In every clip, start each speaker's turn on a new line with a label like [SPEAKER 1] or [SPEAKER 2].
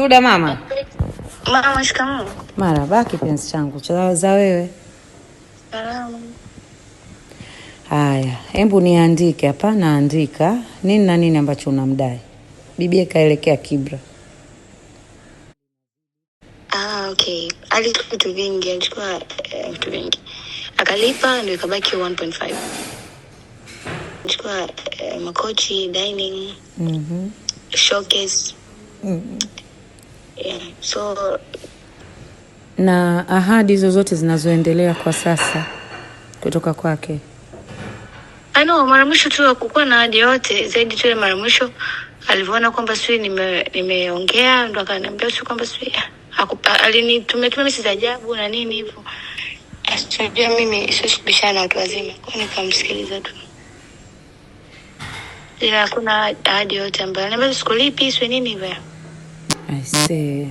[SPEAKER 1] Tuda mama.
[SPEAKER 2] Mama, shikamoo.
[SPEAKER 1] Marhaba kipenzi changu chaza wewe.
[SPEAKER 2] Salamu.
[SPEAKER 1] Haya, hebu niandike hapa, naandika nini na nini ambacho unamdai bibie kaelekea Kibra.
[SPEAKER 2] Ah, okay. Alitoa vitu vingi, alichukua eh, vitu vingi akalipa, ndio ikabaki 1.5 alichukua eh, makochi, dining, mm -hmm. showcase mm -hmm. So
[SPEAKER 1] na ahadi zozote zinazoendelea kwa sasa kutoka kwake?
[SPEAKER 2] Ano, mara mwisho tu hakukuwa na ahadi yote zaidi tu mara mwisho alivyoona kwamba sijui nimeongea, ndo akaniambia sijui kwamba sijui alinitumia tu za ajabu na nini hivyo. Sijui mimi siwezi kubishana na watu wazima, kwa nikamsikiliza tu, ila kuna ahadi yote ambayo namba sikulipi sio nini hivyo.
[SPEAKER 1] Aisee,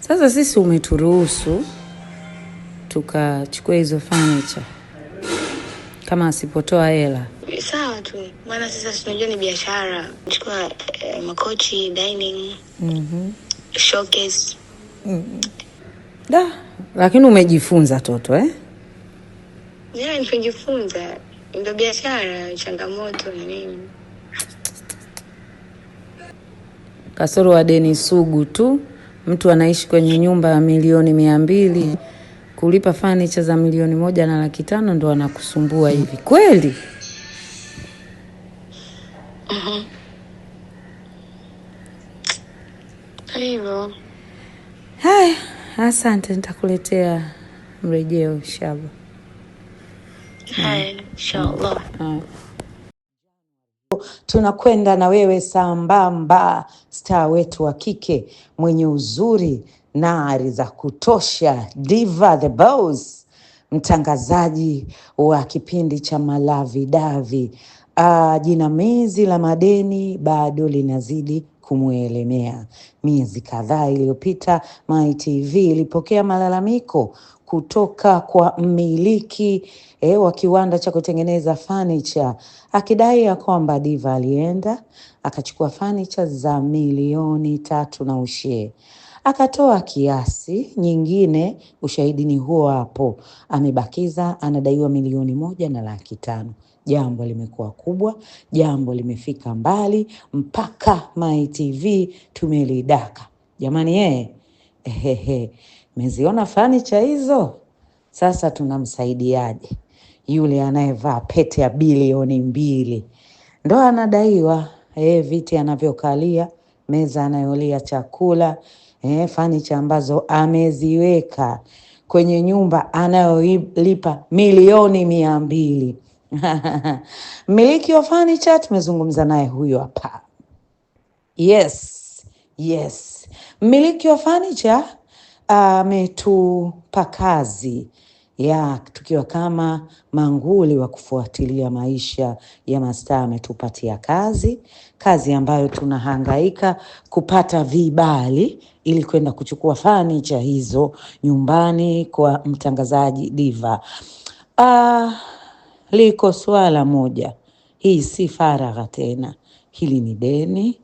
[SPEAKER 1] sasa sisi umeturuhusu tukachukua hizo fanicha kama asipotoa hela
[SPEAKER 2] sawa tu, maana sasa tunajua ni biashara. Chukua eh, makochi dining, mm -hmm. showcase mm
[SPEAKER 1] Da, lakini umejifunza toto eh?
[SPEAKER 2] Yeah, nimejifunza, ndio biashara, changamoto na nini
[SPEAKER 1] kasoro wa deni sugu tu. Mtu anaishi kwenye nyumba ya milioni mia mbili kulipa fanicha za milioni moja na laki tano ndo anakusumbua hivi kweli?
[SPEAKER 2] Mm-hmm. hivyo.
[SPEAKER 1] Haya, Asante, nitakuletea mrejeo inshallah.
[SPEAKER 2] Hai, inshallah
[SPEAKER 1] tunakwenda na wewe sambamba. star wetu wa kike mwenye uzuri na ari za kutosha, Diva the Boss, mtangazaji wa kipindi cha Malavi Davi. Uh, jinamizi la madeni bado linazidi kumwelemea. Miezi kadhaa iliyopita, MyTV ilipokea malalamiko kutoka kwa mmiliki e, wa kiwanda cha kutengeneza fanicha akidai ya kwamba Diva alienda akachukua fanicha za milioni tatu na ushee akatoa kiasi nyingine. Ushahidi ni huo hapo, amebakiza anadaiwa milioni moja na laki tano. Jambo limekuwa kubwa, jambo limefika mbali, mpaka TV tumelidaka jamani, ee, ehehe meziona fanicha hizo? Sasa tunamsaidiaje yule anayevaa pete ya bilioni mbili? Ndo anadaiwa e, viti anavyokalia, meza anayolia chakula e, fanicha ambazo ameziweka kwenye nyumba anayolipa milioni mia mbili. Mmiliki wa fanicha tumezungumza naye huyo hapa. Yes, yes, mmiliki wa fanicha ametupa kazi ya tukiwa kama manguli wa kufuatilia maisha ya mastaa. Ametupatia kazi, kazi ambayo tunahangaika kupata vibali ili kwenda kuchukua fanicha hizo nyumbani kwa mtangazaji diva. Ah, liko swala moja, hii si faragha tena, hili ni deni.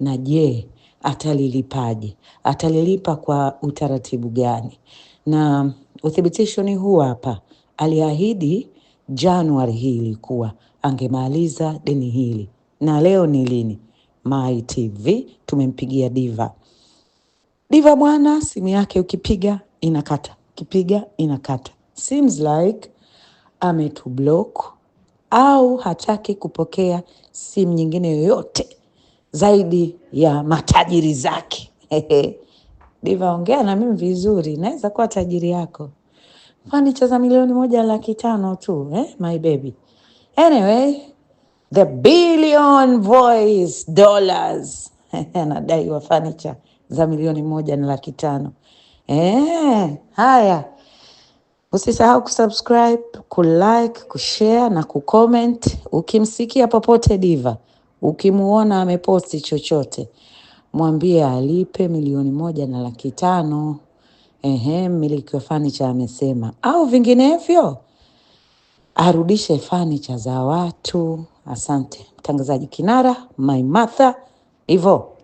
[SPEAKER 1] Na je, atalilipaje? Atalilipa kwa utaratibu gani? Na uthibitisho ni huu hapa, aliahidi Januari hili kuwa angemaliza deni hili, na leo ni lini? my TV tumempigia Diva. Diva bwana, simu yake ukipiga inakata, ukipiga inakata. Seems like block au hataki kupokea simu nyingine yoyote zaidi ya matajiri zake. Diva, na mimi vizuri, naweza kuwa tajiri yako. Fanicha za milioni moja laki tano tu eh, my baby. Anyway, the billion voice dollars anadaiwa fanicha za milioni moja na laki tano eh. Haya, usisahau kusubscribe, kulike, kushare na kucomment ukimsikia popote Diva. Ukimuona ameposti chochote, mwambie alipe milioni moja na laki tano. Ehe, mmiliki wa fanicha amesema, au vinginevyo arudishe fanicha za watu. Asante mtangazaji kinara my mother hivo